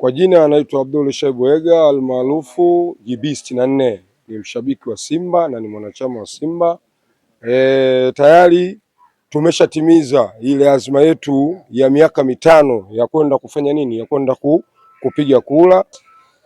Kwa jina anaitwa Abdul ega almaarufu JB na nne, ni mshabiki wa Simba na ni mwanachama wa Simba. E, tayari tumeshatimiza ile azma yetu ya miaka mitano ya kwenda kufanya nini, ya kwenda ku, kupiga kula,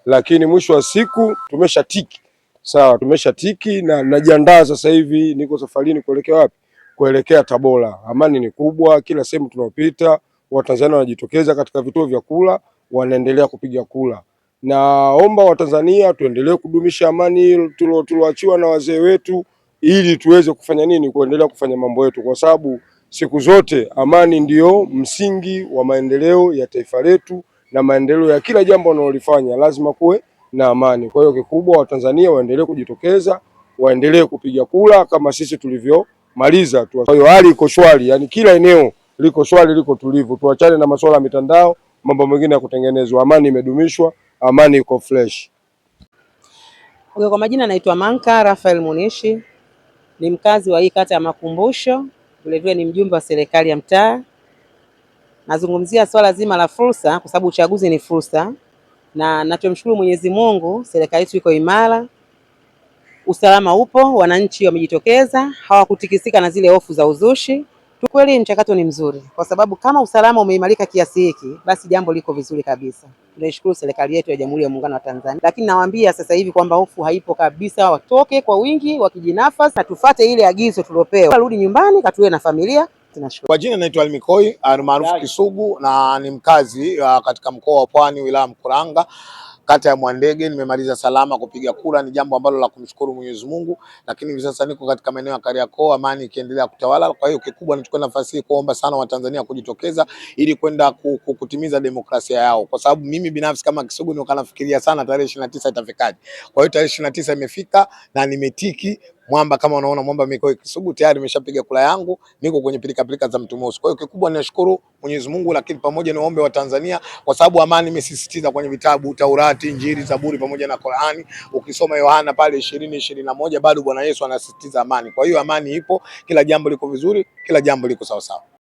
lakini mwisho wa siku tumeshatiki. Sawa, tumeshatiki na najiandaa sasa hivi, niko safarini kuelekea wapi? Kuelekea Tabora. Amani ni kubwa, kila sehemu tunaopita Watanzania wanajitokeza katika vituo vya kula wanaendelea kupiga kura. Naomba Watanzania tuendelee kudumisha amani tulioachiwa na wazee wetu, ili tuweze kufanya nini, kuendelea kufanya mambo yetu, kwa sababu siku zote amani ndiyo msingi wa maendeleo ya taifa letu, na maendeleo ya kila jambo wanalolifanya lazima kuwe na amani. Kwa hiyo kikubwa, Watanzania waendelee kujitokeza, waendelee kupiga kura kama sisi tulivyomaliza tu. Kwa hiyo hali iko shwari, yani kila eneo liko shwari, liko tulivu. Tuachane na masuala ya mitandao mambo mengine ya kutengenezwa. Amani imedumishwa, amani iko fresh. Okay, kwa majina naitwa Manka Rafael Munishi, ni mkazi wa hii kata ya Makumbusho, vilevile ni mjumbe wa serikali ya mtaa. Nazungumzia swala zima la fursa, kwa sababu uchaguzi ni fursa, na nachomshukuru Mwenyezi Mungu, serikali yetu iko imara, usalama upo, wananchi wamejitokeza, hawakutikisika na zile hofu za uzushi Kweli mchakato ni mzuri kwa sababu kama usalama umeimarika kiasi hiki, basi jambo liko vizuri kabisa. Tunaishukuru serikali yetu ya Jamhuri ya Muungano wa Tanzania, lakini nawaambia sasa hivi kwamba hofu haipo kabisa. Watoke kwa wingi wakijinafasi na tufate ile agizo tuliopewa, rudi nyumbani katuwe na familia. Tunashukuru. Kwa jina naitwa Almikoi almaarufu Kisugu na ni mkazi uh, katika mkoa wa Pwani wilaya Mkuranga kata ya Mwandege nimemaliza salama kupiga kura, ni jambo ambalo la kumshukuru Mwenyezi Mungu, lakini hivi sasa niko katika maeneo ya Kariakoo, amani ikiendelea kutawala. Kwa hiyo kikubwa nachukua nafasi hii kuomba sana Watanzania kujitokeza ili kwenda kutimiza demokrasia yao, kwa sababu mimi binafsi kama Kisugu nikafikiria sana tarehe 29 itafikaje. Kwa hiyo tarehe 29 imefika na nimetiki Mwamba kama unaona Mwamba miko Kisugu tayari nimeshapiga kula yangu, niko kwenye pilika pilika za mtu Mosi. Kwa hiyo kikubwa ninashukuru Mwenyezi Mungu, lakini pamoja na waombe wa Tanzania, kwa sababu amani imesisitiza kwenye vitabu Taurati, Injili, Zaburi pamoja na Qur'ani. Ukisoma Yohana pale ishirini ishirini na moja bado Bwana Yesu anasisitiza amani. Kwa hiyo amani ipo, kila jambo liko vizuri, kila jambo liko sawa sawa.